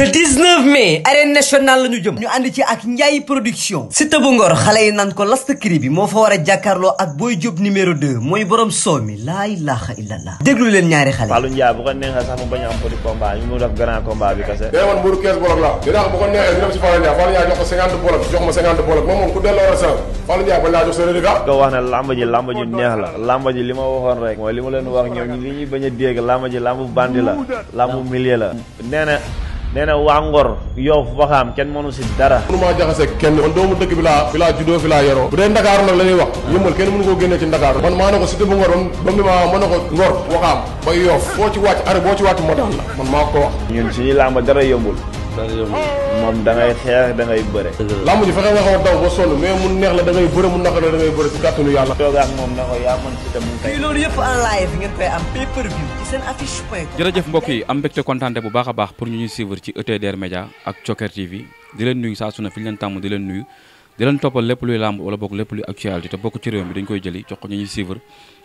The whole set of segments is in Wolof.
le 19 mai arène nationale la ñu jëm ñu ànd ci ak Ndiaye production Siteu bu Ngor xale yi naan ko last cri bi moo fa war a jàkkaarloo ak Boy Diop numéro 2 mooy borom soo mi laa ilaha illallah déglu leen ñaari xale Fallou Ndiaye bu neexee sax mu bañ a am petit bi kese day woon mburu 15 bolok la dinaa bu ko neexee ñu dem si Fallou Ndiaye Fallou Ndiaye jox ko 50 bolok jox ma 50 bolok moom moom la neex a nee na waa Ngor Yoff Waxaam kenn mënu si dara mënu maa jaxase kenn man doomu dëkk bi laa fi laa juddoo fi laa yoroo bu dee Ndakaaru nag la ñuy wax yëmbal kenn mënu koo génnee ci Ndakaaru man maa ne ko si dëkk Ngor ba mu ma mën na ko Ngor Waxaam ba Yoff boo ci wàcc are boo ci wàcc ma daan la man maa ko wax ñun suñu làmb dara yëmbul moom da ngay xeex da ngay bëre. lamb ji fexe nga xaw a daw ba sonn mais mu neex la da bëre mu naka la da bëre ci kàttanu yàlla. toog ak moom na ko yaa mën si dem tey. loolu yëpp en live ngeen koy am pay per view ci seen affiche point jërëjëf mbokk yi am mbégte kontaante bu baax a baax pour ñu ñuy suivre ci ETDR Média ak Thioker TV di leen nuyu saa su ne fi ñu leen tàmm di leen nuyu di leen toppal lépp luy làmb wala bokk lépp luy actualité te bokk ci réew mi dañ koy jëli jox ko ñu ñuy suivre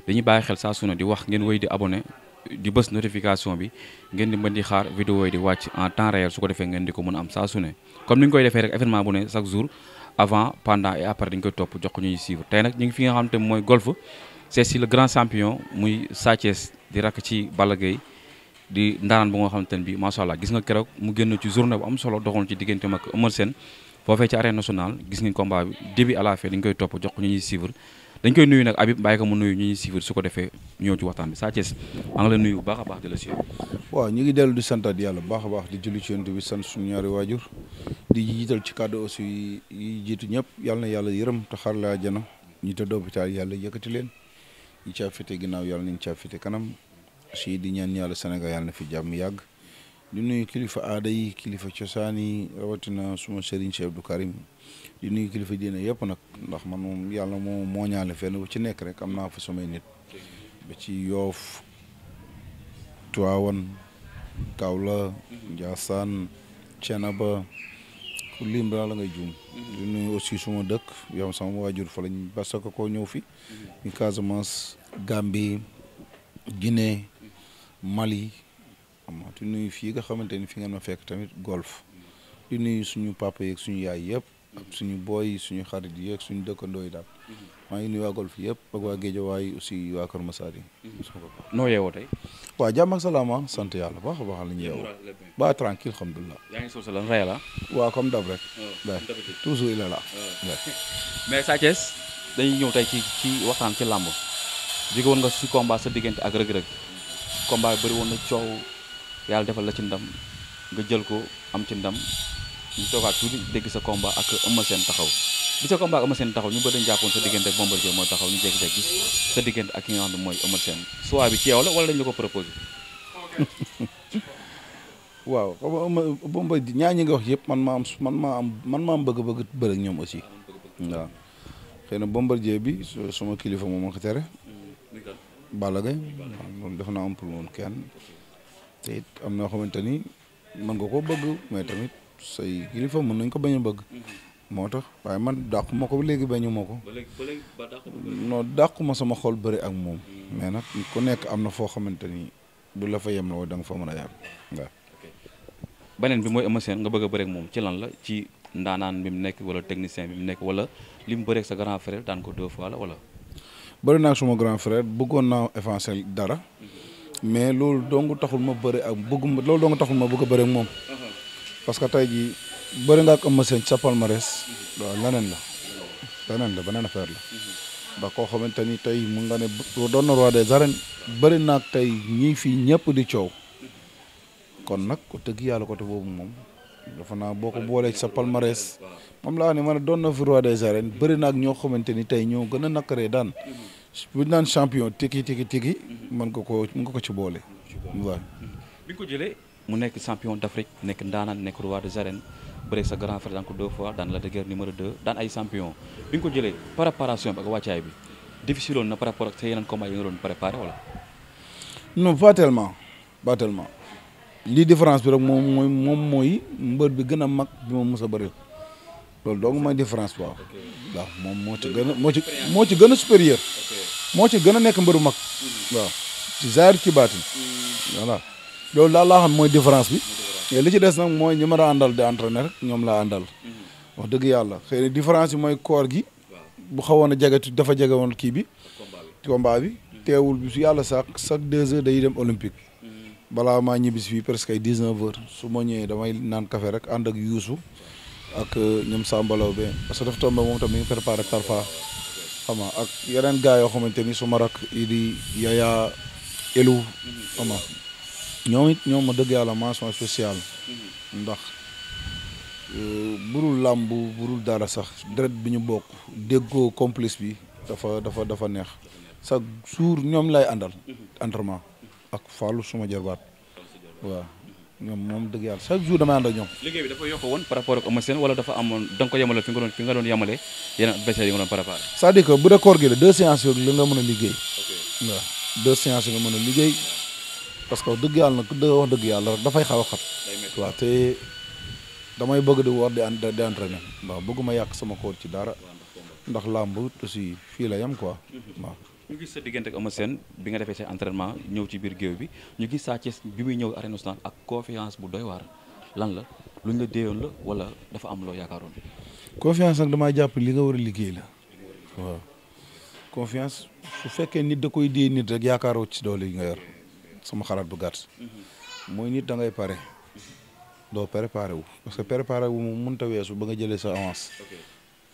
dañuy bàyyi xel su ne di wax ngeen wéy di abonné di bës notification bi ngeen di mën di xaar vidéo yi di wàcc en temps réel su ko defee ngeen di ko mën a am saa su ne comme ni ñu koy defee rek événement bu ne chaque jour avant pendant et topp jox ko ñuy tey nag ñu ngi fi nga xam te mooy golf c'est si le grand champion muy Sa Thiès di rakk ci Balla Gaye di ndaanaan bu nga xamante ne bi macha allah gis nga keroog mu génn ci journée bu am solo doxoon ci diggante mag Eumeu Sène foofee ci arène nationale gis ngeen combat bi début à la fin koy topp jox ko ñuy suivre dañ koy nuyu nag abi bàyyi ko mu nuyu ñu ñuy suivre su ko defee ñëw ci waxtaan bi Sa Thiès maa la nuyu bu baax a di la suivre. waaw ngi dellu di santaat yàlla bu baax di julli ci yonent bi sant suñu ñaari waajur di jiital ci kàddu aussi yi jiitu ñëpp yàlla na yàlla yërëm te xar laa jana ñu tëdd hôpital yàlla yëkkati leen ñu caa fete ginnaaw yàlla nañ caa fite kanam si di ñaan yàlla Sénégal yàlla na fi jàmm yàgg di nuyu kilifa aada yi kilifa cosaan yi rawatina suma sëriñ Cheikh du Karim di nuyu kilifa diine yëpp nag ndax man moom yàlla moo moo ñaale fenn bu ci nekk rek am naa fa samay nit ba ci yoof tuwaawan Kaawla Njaasaan Cenaba ku lim daal la ngay juum di nuyu aussi suma dëkk yow sama waajur fa lañ parce que koo ñëw fi ñu Casamance Gambie Guinée Mali am na di nuyu fii nga xamante ni fi ngeen ma fekk tamit golf di nuyu suñu papa yeeg suñu yaay yëpp ak mm-hmm. suñu booy yi suñu xarit yi ak suñu dëkkandoo yi daal. Mm-hmm. maa ngi nuyu waa Golf yëpp ak waa Guédiawaye aussi waa Kër Massar yi. Mm-hmm. noo yeewoo tey. waaw jàmm ak ah. sant yàlla baax a baax la yaa ngi soog sa lan rey la. waaw comme dab rek. Oh, toujours il est là. Oh. mais Sa dañuy ñëw tey ci ci waxtaan ci làmb. jóge woon nga si combat sa diggante ak Reug Reug. combat bi bëri woon na coow yàlla defal la ci ndam nga jël ko am ci ndam. ñu toogaat tuuti dégg sa combat ak Eumeu Sène taxaw bi sa combat ak Eumeu Sène taxaw ñu bëri jàppoon sa diggante ak Bombardier mooy taxaw ñu jékki gis sa diggante ak ki nga xam ne mooy Eumeu Sène soit bi ci yow la wala dañ la ko proposé waaw xam nga Bombardier ñaar ñi nga wax yëpp man maa am man maa am man maa am bëgg-bëgg bëri ak ñoom aussi waaw xëy na Bombardier bi sama kilifa moom ma ko tere Balla Gaye moom def naa am pour woon kenn te it am na xamante ni mën nga ko bëgg mais tamit say kilifa mën nañ ko bañ a bëgg. moo tax waaye man dàqu ko ba léegi bañu ma ko. ba léegi ba léegi ma sama xol bëri ak moom. mais nag ku nekk am na foo xamante ni bu la fa yem la wala da fa mën a yem waaw. beneen bi mooy Eumeu nga bëgg a bëri moom ci lan la ci ndaanaan bi mu nekk wala technicien bi mu nekk wala li mu bëri sa grand frère daan ko deux fois la wala. bëri suma grand frère bëggoon naa avancer dara mhm. mais loolu dong taxul ma bëri ak bëgguma loolu dong taxul ma bëgg a ak moom. Mhm. parce que tey jii bëri nga ak Eumeu Sène ci sa palmarès waaw la leneen la beneen affaire la ndax koo xamante ni tey mun nga ne doon na roi des arènes bëri naag tey ñii fii ñëpp di coow kon nag ko tëgg yàlla côté boobu moom dafa naa boo ko boolee ci sa palmarès moom laa ne ma ne doon na fi roi des arènes bëri naag ñoo xamante ni tey ñoo gën a nakkaree daan bu naan champion tiki tiki tiki mën nga ko mën ko ci boole waaw bi mu nekk champion d'Afrique nekk ndaanaan nekk roi de arènes bëreeg sa grand frère daan deux fois daan la de guerre numéro 2 daan ay champion bi nga ko jëlee préparation bi ak wàccaay bi difficile woon na par rapport ak sa yeneen combat yi nga doon préparé wala. non pas tellement pas tellement lii différence bi rek moom mooy moom mooy mbër bi gën a mag bi ma mos a bëri loolu donc mooy différence bi waaw. waaw moom moo ci gën a moo ci moo ci gën a supérieur. moo ci gën a nekk mbëru mag. Mm-hmm. waaw ci zaahir ci baatin mm-hmm. voilà. loolu daal laa xam mooy différence bi li ci des nag mooy ñi ma a àndal di entraîner rek ñoom laa àndal mhm. wax dëgg yàlla xëy na différence bi mooy koor gi bu xawoon a jege dafa jege woon kii bi combat bi teewul bi su yàlla sax chaque deux heures day dem olympique mhm. balaa maa ñibbisi fii presque ay dix neuf heures su ma ñëwee damay naan café rek ànd ak yuusu ak euh, ñoom sàmbalaw be parce que dafa tombé moom tamit préparé Tarfa. xam ak yeneen gars yoo xamante ni su ma rak yi di Yaya Elou xam ñoom it ñoom ma dëgg yàlla mention spéciale ndax euh, burul làmb burul dara sax deret bi ñu bokk déggoo complice bi dafa dafa dafa neex sa jour ñoom lay andal entraînement ak fallu suma jarbaat waaw ñoom moom dëgg yàlla chaque jour damay ànd ak ñoom liggéey bi dafa yokk woon par rapport ak Eumeu wala dafa amoon da nga ko yemale fi nga doon fi nga doon yemale yeneen adversaire yi nga doon préparé c'est-à-dire que bu record gi la deux séances yooyu la nga mën a liggéey waaw deux séances yi nga mën a liggéey parce que deug yalla nak dëgg wax dëgg yàlla rek dafay xaw xat. wa te damay bëgg di wor di di entraîner ba bëgguma yak sama koor ci dara ndax làmb aussi fi la yam quoi wa ñu gis sa diggante ak Eumeu bi nga défé sa entraînement ñëw ci biir gëw bi ñu gis Sa ci bi muy ñëw Arena nationale ak confiance bu doy war lan la lu ñu la déeyoon la wala dafa am lo yaakaaroon. confiance nak dama japp li nga wara liggéey la wa confiance su fekkee nit da koy dé nit rek yaakaaroo ci doole yi nga yor sama xarab bu gatt moy nit da ngay pare do préparé wu parce que préparé wu mën ta wessu ba nga jëlé sa avance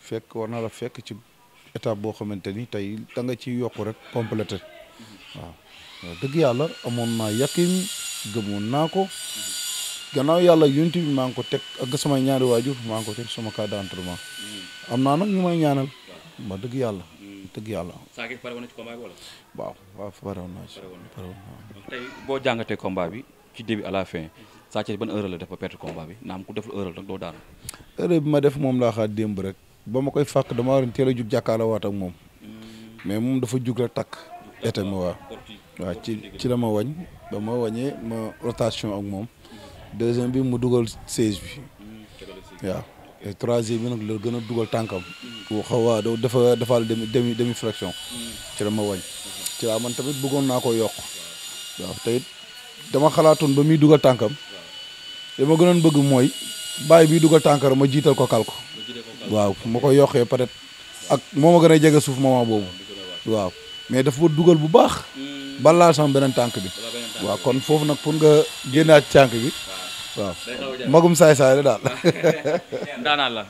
fekk war na la fekk ci étape bo xamanteni tay da nga ci yok rek complété mhm. waaw deug yalla amon na naa gëmon gëmoon ko gannaaw yalla yonent bi ma ko tek ak sama ñaari waju ma ko tek sama cadre d'entraînement mhm. amna nak ñu may ñaanal ma deug yalla dëgg yàlla. saa kii pare woon na ci combat bi wala. waaw waaw pare woon boo jàngatee combat bi ci début à fin saa ci ban erreur la def ba perte combat bi naam ku def lu erreur doo daanu. erreur bi ma def moom laa xaar démb rek ba ma koy fàkk dama war a teel a jug waat ak moom hmm. mais moom dafa jug rek takk. ete ma waaw waaw ci ci la ma wañ ba ma wañee ma rotation ak moom deuxième bi mu dugal 16 hmm, bi waaw. troisième bi nag la gën a dugal tànkam. xaw a dafa defal demi demi fraction. Mm. ci la ma wàññi. ci laa man tamit bëggoon naa ko yokk. waaw te dama xalaatoon ba muy dugal tànkam. li ma gënoon bëgg mooy bàyyi bi dugal tànkar ma jiital ko kalko waaw ma ko yokkee peut ak moo ma gën a jege suuf moment boobu. waaw mais dafa dugal bu baax. Mm. balaa sama beneen tànk bi. waaw kon foofu nag pour nga génnaat tànk bi. waaw magum saay saay la daal. daanaan la.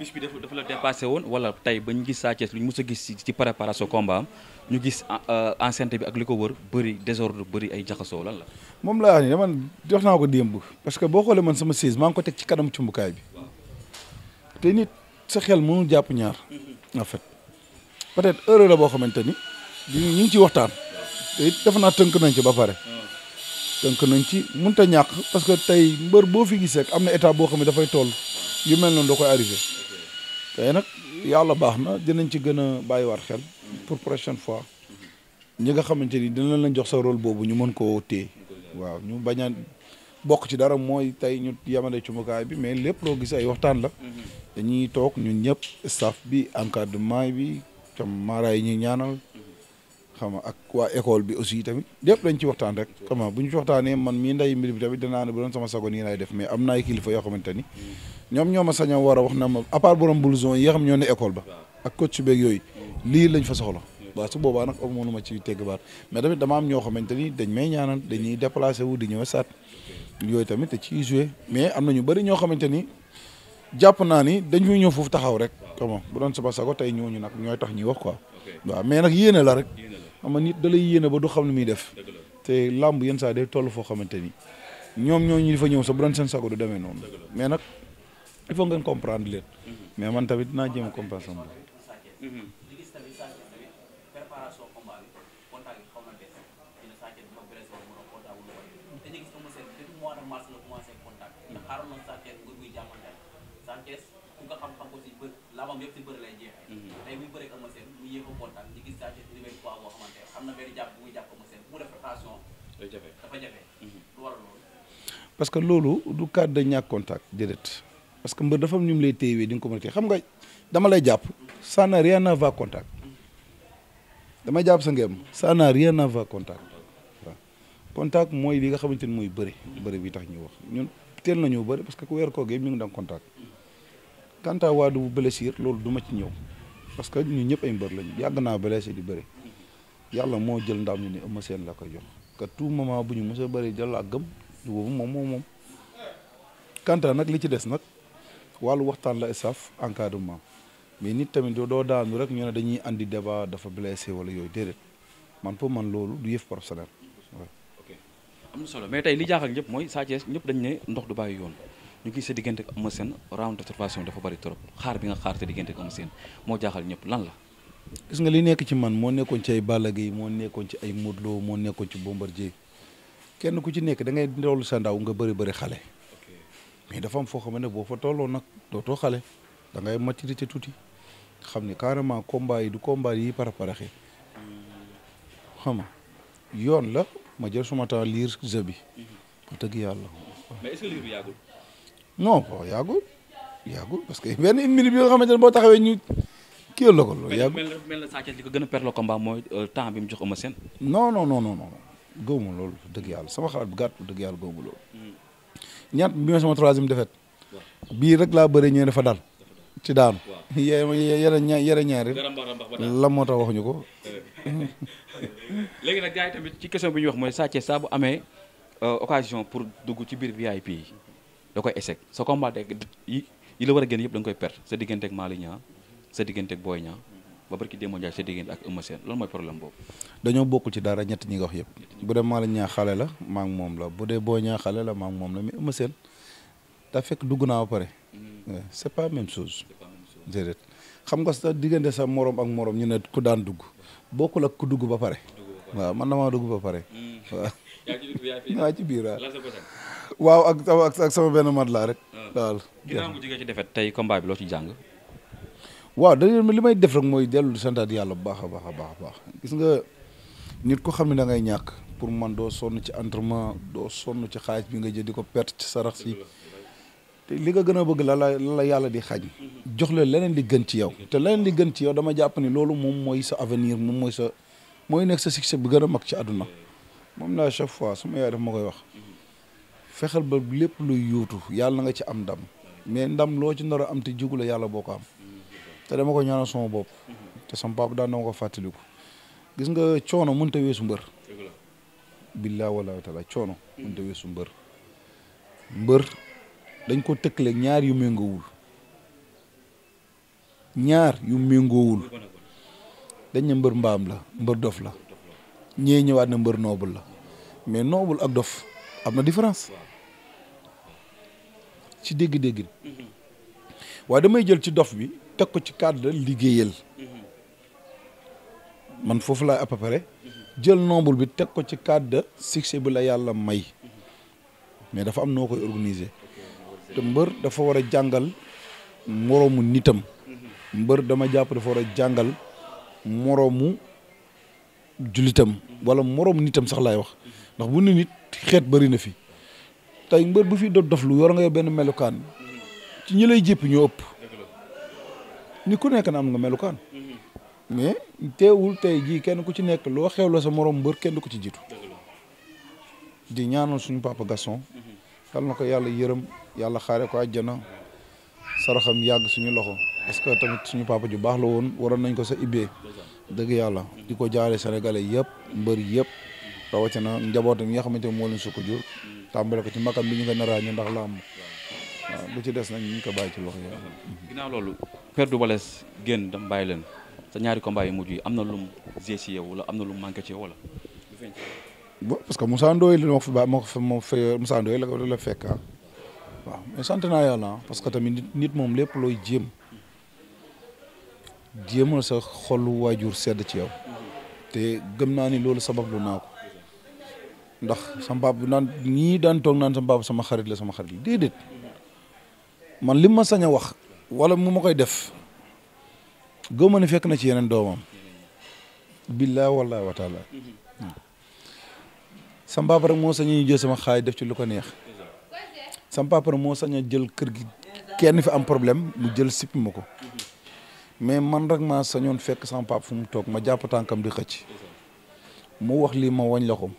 bis bi dafa dafa la dépassé woon wala tey bañ ñu gis Sa Thiès lu ñu mës a gis ci préparation combat am ñu gis ah, euh, enceinte bi ak liko ko wër bëri désordre bëri ay jaxaso lan la. mom la wax ni man jox na ko demb parce que boo xoolee man sama siège maa ngi ko tek ci kanam cumbukaay bi te nit sa xel mënu japp ñaar en fait peut-être heure la bo xamanteni ni ñu ci waxtaan te def na teunk nañ ci ba pare. Ah. teunk nañ ci munta ñak parce que tay mbeur bo fi gisee am na état bo xamni da fay toll yu mel non da koy arriver tay nak yàlla baax na dinañ ci gën a bàyyiwaat xel pour prochaine fois ñi nga xamante ni dinañ lañ jox sa rôle boobu ñu mën koo téye waaw ñu bañ a bokk ci dara mooy tey ñu yemale cumukaay bi mais lépp loo gis ay waxtaan la dañuy toog ñun ñëpp staff bi encadrement bi cam maara yi ñuy ñaanal xam nga ak waa école bi aussi tamit lépp dañ ci waxtaan rek xam bu ñu ci waxtaanee man mii nday mbir tamit danaa ne bu doon sama sago nii laay def mais am na ay ma sañoo a wax na ma à part borom ci tegg baat mais tamit ñoo xamante ni dañ may ñaanal dañuy déplacé wu di ñëw saat yooyu tamit da ciy joué mais am na ñu bëri ñoo xamante ni jàpp naa ni dañuy ñëw foofu taxaw rek comment bu doon sama sago tey ñooñu nag ñooy tax ñuy wax quoi waaw mais nag la rek xam nit da lay yéene ba du xam lu muy def te lamb yenn saa day toll foo xamante ni ñoom ñooñu fa ñëw sa bu doon seen sago du demee noonu mais nag il faut ngeen comprendre leen mhm. mais man tamit naa jéem a comprendre sama mars xaaral na Sa Thiès nguur guy jàmmante Sa Thiès ku nga xam-xam ko si bët laabam yëpp si bëri lay jeexee tey bu ñu bëree Eumeu Sène mu yéex a kontaan gis Sa Thiès di benn poids boo xamante xam na benn jàpp bu muy jàpp Eumeu eh. bu def rotation dafa eh. mhm. war parce que loolu du cadre de ñàkk contact direct parce que mbër dafa am ñu lay téyewee di nga ko mën a téye xam nga dama lay jàpp ça n'a rien à voir contact damay jàpp sa ngeem ça n'a rien à voir contact waaw contact mooy li nga xamante ni mooy bëri mhm. bi tax ñuy wax ñun parce que ku weer koo yëpp ñu ngi contact mhm kanta wadu blessure loolu du ma ci ñew parce que ñu ñëpp ay mbeur lañu yag na blessé di bëri yalla mo jël ndam ñu ni Eumeu seen la ko jox ka tout moment bu mësa mos jël la gëm du boobu mom mom moom kanta à li ci dess nak walu waxtaan la staff encadrement mais nit tamit do daanu rek ñu ne dañuy andi débat dafa blessé wala yoy déedéet man pour man loolu du yef professionnel waaw. am solo mais tay li jaaxal ñep moy Sa Thiès ñep dañ ne ndox du bayu yoon ñu gis digënté diggante ak Eumeu round d'observation dafa bari trop xaar bi nga xaar té digënté ak Eumeu Sène jaaxal ñëpp lan la gis nga li nekk ci man mo nekkon ci ay Balla Gaye moo ci ay modlo mo nekkon ci Bombardier kenn ku ci nekk da ngay ndoll sa ndaw nga bëri bëri xalé mais dafa am fo xamné bo boo fa tolloo nag dootoo xalé da ngay maturité tuuti xam ne carrément combat yi du combat yi paraparaxe xé xama yoon la ma jël suma temps lire zebi bi. Mhm. wax yalla mais est-ce que lire yagul non bon yàggul yàggul parce que benn une minute bi nga xamante ne boo taxawee ñu kii la ko loolu yàggul mel mel na Sa Thiès li ko gën a perdre mooy euh, temps bi mu jox Eumeu seen non non non non non loolu dëgg yàlla sama xalaat bu gàtt dëgg yàlla gëwuma loolu hmm. ñaat bi ma sama troisième défaite bii rek laa bëri ñee dafa dal ci daanu yere ñaar yere ñaari la moo tax waxuñu ko léegi nag gars tamit ci question bi ñuy wax mooy Sa Thiès saa bu amee euh, occasion pour dugg ci biir VIP yi da koy échec so combat yi yi la wara gën génn yëpp da koy perdre sa digënté ak Malick sa digënté ak Boy ba barki Demba Ndiaye sa digënté ak Ousmane Sène loolu mooy problème boobu. dañoo bokkul ci dara ñett ñi nga wax yëpp bu dé Malick xalé la ma ak mom la bu dé Boy xalé la ma ak mom la mais Ousmane Sène daa fekk duguna naa ba pare. Mm-hmm. c' pas même chose. dédé xam nga sa digënté sa morom ak morom ñu né ku daan dugg bokkul ak ku dugg ba paré waaw man dama dugg ba paré mm. waaw. ya ci biir waaw. waaw ak ak ak sama benn mat laa rek. waaw ah. ginnaaw bu jógee ci defet tey combat bi loo ci jàng. waaw dañu li may def rek mooy dellu santaat yàlla bu baax a baax a baax a baax gis nga nit ko xam ne da ngay ñàkk pour man doo sonn ci entraînement doo sonn ci xaaj bi nga jël di ko perte ci sarax si te li nga gën a bëgg la la la yàlla di xañ jox la leneen di gën ci yow te leneen di gën ci yow dama jàpp ni loolu moom mooy sa avenir moom mooy sa mooy nekk sa succès bi gën a mag ci àdduna moom laa chaque fois sama yaay daf ma koy wax fexel ba lepp lu yootu yalla nga ci am ndam mais ndam lo ci ndoro am te jugula yalla boko am te dama ko ñaanal sama bop te sama papa da na ko fàttaliku gis nga choono mënut a wessu mbeur billaa wala taala choono mënut a wessu mbeur mbeur dañ ko tëkkaleeg ñaar yu méngoowul ñaar yu méngoowul dañ ne mbeur mbam la mbeur dof la ñe ñewat na mbeur noble la mais noble ak dof wow. ci dégg-dégg mm-hmm. waaye damay jël ci dof bi teg ko ci cadre liggéeyal mm-hmm. man foofu laay à peu près jël nombre bi teg ko ci cadre succès bi la yàlla may mm-hmm. mais dafa am noo koy organiser te mbër dafa war a jàngal moroomu nitam mbër dama jàpp dafa war a jàngal moroomu julitam walla moroomu nitam sax laay wax ndax bu nit xeet bëri na fi tay mbeur bu fi dof doflu yor nga yow benn melukaan ci ñi lay jep ñu ni ku nekk na am nga melukan mais teewul tay ji kenn ku ci nekk lo xewlo la sa morom mbeur kenn du ci jitu di ñaanal suñu papa gasson yal nako yalla yàlla yalla xare ko aljana saraxam yag suñu loxo ce que tamit suñu papa ju bax lo won waron nañ ko sa ibé deug yalla di ko jaaree sénégalais yëpp mbër yëpp rawatina njabotam yi nga xamante ne moo leen su jur tàmbali ko ci makam bi ñu gën a ndax làmb waaw lu ci des nag ñu ngi ko bàyyi ci loxo yàlla. ginnaaw loolu Père Double Less génn dam bàyyi leen sa ñaari combat yu mujj yi am na lum gée si wala am na lum manqué ci yow wala. bon parce que Moussa Ndoye ba ma fa ma la la fekk ah waaw mais sant naa yàlla ah, parce que tamit nit moom lépp looy jéem jéemal sa xolu waajur sedd ci yow mm-hmm. te gëm naa ni loolu sabablu naa ko. ndax sama papa nan ni dan tok nan sama papa sama xarit la sama xarit dedet man li ma wax wala mu makoy def goma ni fek na ci yenen domam billahi wallahi wa taala hmm. sama papa rek mo saña ñu jël sama xay def ci luko neex sama papa rek mo saña jël kër gi kenn fi am problème mu jël sip mako mais man rek ma sañon fek sama fu mu tok ma japp tankam di xëc mu wax li ma wañ la ko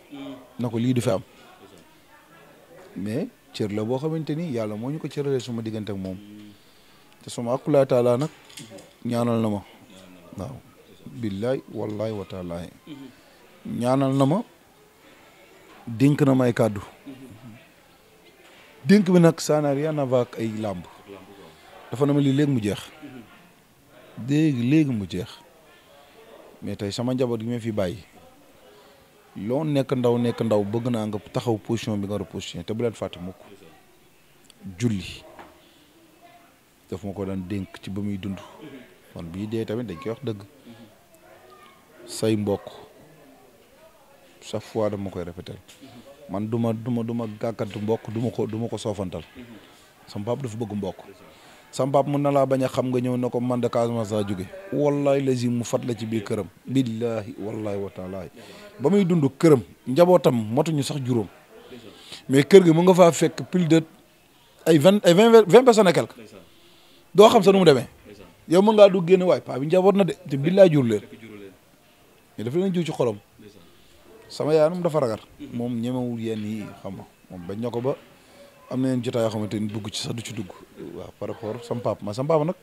na ko lii du fi am mais cër la boo xamante ni yàlla moo ñu ko cëralee suma diggante ak moom te suma akula taala nag ñaanal na ma waaw billaay wallaay ñaanal na ma dénk na ma ay kàddu dénk bi nag ça n'a rien à voir ay làmb dafa na ma li léegi mu jeex léegi léegi mu jeex mais tey sama njaboot gi ma fi bàyyi loo nekk ndaw nekk ndaw bëgg naa nga taxaw position bi nga war a te bu leen fàtte mukk julli daf ma ko daan dénk ci ba muy dund kon bii dee tamit dañ koy wax dëgg say mbokk sa fois dama koy répéter man du ma duma ma gàkkantu mbokk duma ko du ma ko soofantal sama papa dafa bëgg mbokk sama pap mën na laa bañ a xam nga ñëw na ko man de Casamance laa jóge wallahi lazim mu fat la ci biir këram billahi wallahi wa taala ba muy dund këram njabootam matuñu sax juróom mais kër gi mu nga faa fekk plus ay vingt ay vingt vingt personnes et doo xam sa nu mu demee yow mën ngaa du génn waay paa bi njaboot na de te billaay jur leen mais dafa leen jiw ci xolom sama yaay num dafa ragal moom ñemewul yenn yi xam nga moom bañ ko ba amna ñu jotta yo xamanteni dugg ci sax du ci dugg wa par rapport sam pap ma sam pap nak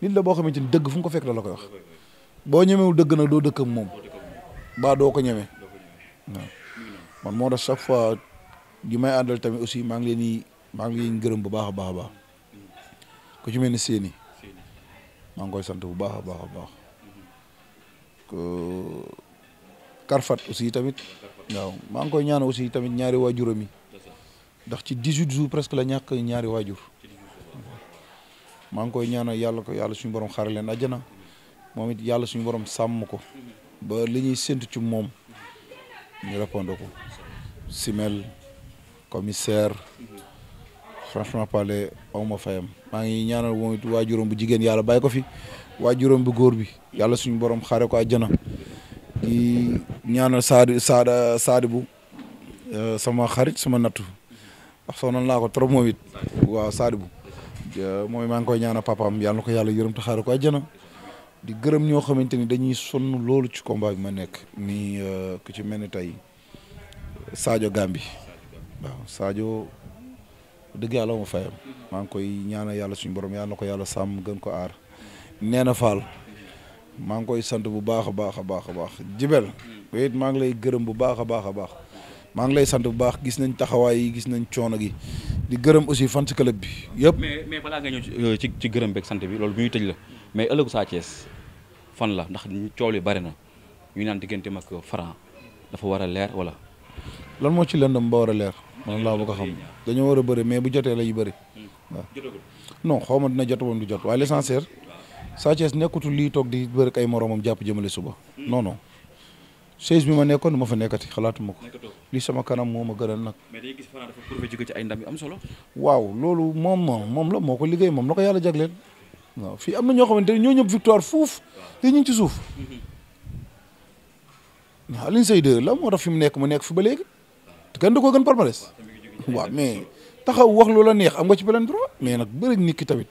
nit la bo xamanteni deug fu ko fekk la la koy wax boo ñemewul deug nak do dëkk ak moom baa ko ñëmé man mo da chaque fois di may andal tamit aussi ma ngi leen ma ngi leen gëreum bu baax a baax a baax ku ci melni seeni ma ngi koy sant bu baax a baax ko Karfat aussi tamit waaw ma ngi koy ñaan aussi tamit ñaari wajuromi ndax ci dix huit jours presque la ñàkk ñaari waajur maa ngi koy ñaanal yàlla ko yàlla suñu borom xaare leen àjjana moom it yàlla suñu borom sàmm ko ba li ñuy séntu ci moom ñu répondre ko simel commissaire franchement parler awma fayam maa ngi ñaanal moom it waajuróom bu jigéen yàlla bàyyi ko fi waajuróom bu góor bi yàlla suñu borom xaare ko àjjana di ñaanal saadi saada saadi bu euh, sama xarit sama nattu ndax sonal naa ko trop moom it waaw Sadibou mooy maa ngi koy ñaana papam yàlla na ko yàlla yërëm te xaaral ko àjjana di gërëm ñoo xamante ni dañuy sonn loolu ci combat bi ma nekk nii euh, ku ci mel ni tey Sadio Gambi saajo Sadio dëgg yàlla ma fayam maa ngi koy ñaana yàlla suñu borom yàlla na ko yàlla sàmm gën ko aar nee na Fall maa ngi koy sant bu baax a baax a baax a baax jibel maa ngi lay gërëm bu baax a baax a baax maa ngi lay sant bu baax gis nañ taxawaay yi gis nañ coono gi di gërëm aussi fan fans club bi yëpp. mais balaa nga ñëw euh, ci ci gërëm beeg sant bi loolu bu ñuy tëj la mais ëllëgu Sa fan la ndax coow li bari na ñu naan diggante mag Franc dafa war a leer wala. lan moo ci lëndam ba war a leer. man laa bëgg ko xam dañoo war a bëri mais bu jotee la yu bëri. Hmm. waaw non xaw ma dina jot woon du jot waaye l'essentiel Sa Thiès lii toog di bëri kay ay jàpp jëmale suba hmm. non chaise bi ma nekkoon du ma fa nekkati xalaatuma ko. li sama kanam moo ma gënal nag. mais day gis Franc dafa yu am solo. waaw loolu moom moom la moo ko liggéey moom la ko yàlla jagleel. waaw fii am na ñoo xamante ne ñoo ñëpp victoire fuuf te ñu ci suuf. Mhm. waaw Alioune la moo tax fi mu nekk mu nekk fi ba léegi. te kenn du ko gën palmarès. waaw mais taxaw wax lu la neex am nga ci beneen droit mais nag bëri nit ki tamit. Mm.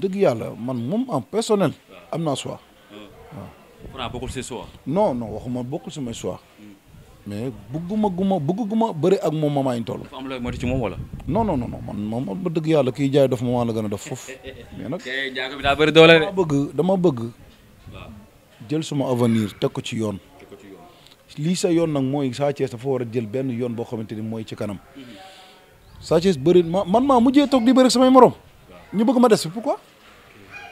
dëgg yàlla man moom en personnel am na choix Franc bokkul si choix. non non waxuma bokkul sama choix. mais bëgguma guma bëgguma bëri ak moom mamaa ñu toll. dafa am looy ci moom wala. non non non man moom ma dëgg yàlla kiy jaay dof mamaa la gën a def foofu. mais nag eh, eh, eh, jaago bi daa bëgg dama bëgg. jël suma avenir teg ko ci yoon. lii sa yoon nag mooy Sa Thiès dafa war a jël benn yoon boo xamante ni mooy ci kanam. Mhm. Sa Thiès man maa mujjee toog di bëri samay morom. ñu bëgg ma des fi pourquoi.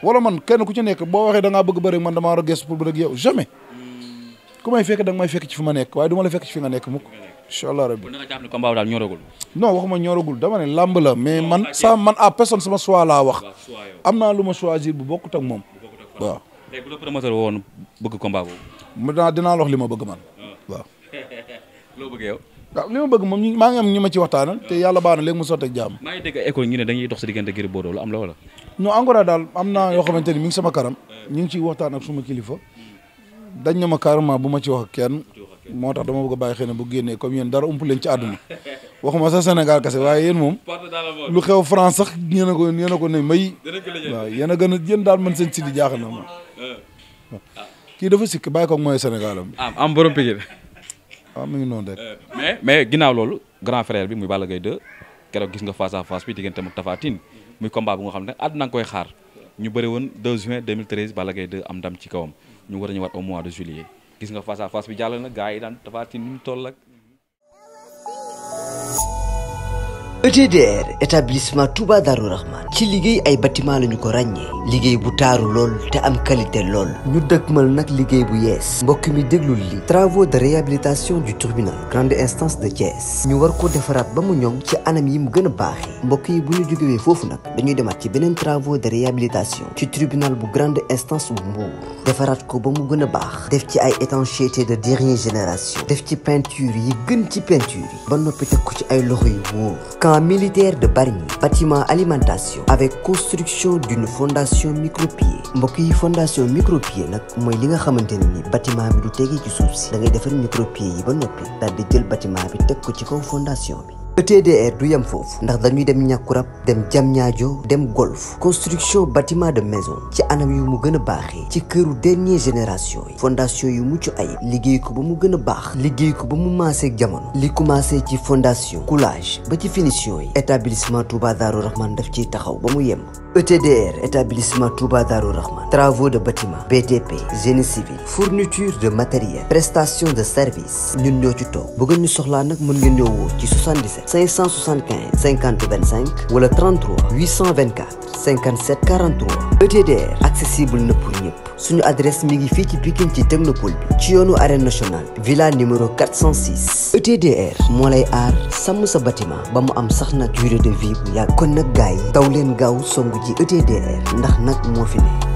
wala man kenn ku ci nekk boo waxee da ngaa bëgg bëri man damaa war a gëstu pour bëgg ak yow jamais hmm. ku may fekk da nga may fekk ci fi ma nekk waaye du ma la fekk ci fi nga nekk mukk incha allah rabbi nga jàpp ne combat daal ñoragul ñoragul dama ne mais man sa man à personne sama choix laa wax am naa lu ma bu bokkut ak moom waaw tey bu la bëgg combat boobu mu dinaa dinaa wax li ma bëgg man oh. waaw loo bëgg waaw li ma bëgg moom maa ngi am ñu ma ci waxtaanal te yàlla baax na léegi mu sotteeg jàmm. maa ne dañuy dox si diggante Gris am la wala. non encore daal ngi sama karam ñu ngi ciy waxtaan ak suma kilifa dañ na ma carrément bu ma ci wax kenn moo tax dama bëgg a bàyyi xëy na bu génnee comme yéen dara ump leen ci àdduna waxuma sa kese waaye yéen moom lu xew France sax yéen a ko yéen a ko ne may waaw yéen a gën a yéen daal man seen si di jaaxal ma ah. kii dafa sikk bàyyi ko mooy Sénégal am. Ah, am borom Pikine waaw ah, mu ngi noonu rek. Euh, mais mais ginnaaw loolu grand frère bi muy Balla Gaye 2 keroog gis nga face à face bi diggante ak Tapha Tine muy combat bu nga xam ne àdduna nga koy xaar ñu bëri woon 2 juin 2013 Balla Gaye 2 am ndam ci kawam ñu war a ñëwaat au mois de juillet gis nga face a face bi jàll na gars yi daan Tapha Tine ni mu toll ak. ETDR établissement Touba Darou Rahman ci liguey ay bâtiment lañu ko ragné liguey bu taru lool té am qualité lool ñu dëgmal nak liguey bu yees mbokk mi déglul li travaux de réhabilitation du tribunal grande instance de Thiès ñu war ko défarat ba mu ñoŋ ci anam yi mu gëna a mbokk yi bu ñu jógewee fofu nak dañuy démat ci benen travaux de réhabilitation ci tribunal bu grande instance bu Mbour défarat ko ba mu gëna bax def ci ay étanchéité de dernière génération def ci peinture yi gën ci peinture yi ba nopi teg ko ci ay loxo yu wóor militaire de Barnier, bâtiment alimentation avec construction d'une fondation micropieux pieds fondation micropieux nak moy li nga xamanteni ni bâtiment bi du tegee ci souci si da ngay defar micropieux yi ba nopi dal di jël bâtiment bi ci kaw fondation bi ETDR du yem foofu ndax dañuy dem ñàkkurab dem dem golf construction bâtiment de maison ci anam yu mu gëna ci dernier génération fondation yu muccu ay liggéey ko ba mu gën liggéey ko jamono li commencé ci fondation coulage ba ci finition établissement Touba Darou Rahman daf ci taxaw ba mu yem ETDR établissement Touba Darou Rahman travaux de bâtiment BTP génie civil fourniture de matériel prestation de service ñun ñoo ci ñu 77 575 50 25 le 33 824 57 43 ETDR accessible ne pour nous. suñu adresse magnifique ngi est ci Pikine technopole arène nationale villa numéro 406 ETDR moo lay aar sàmm sa bâtiment am durée de vie bu yàgg kon Songuji, ETDR ndax nag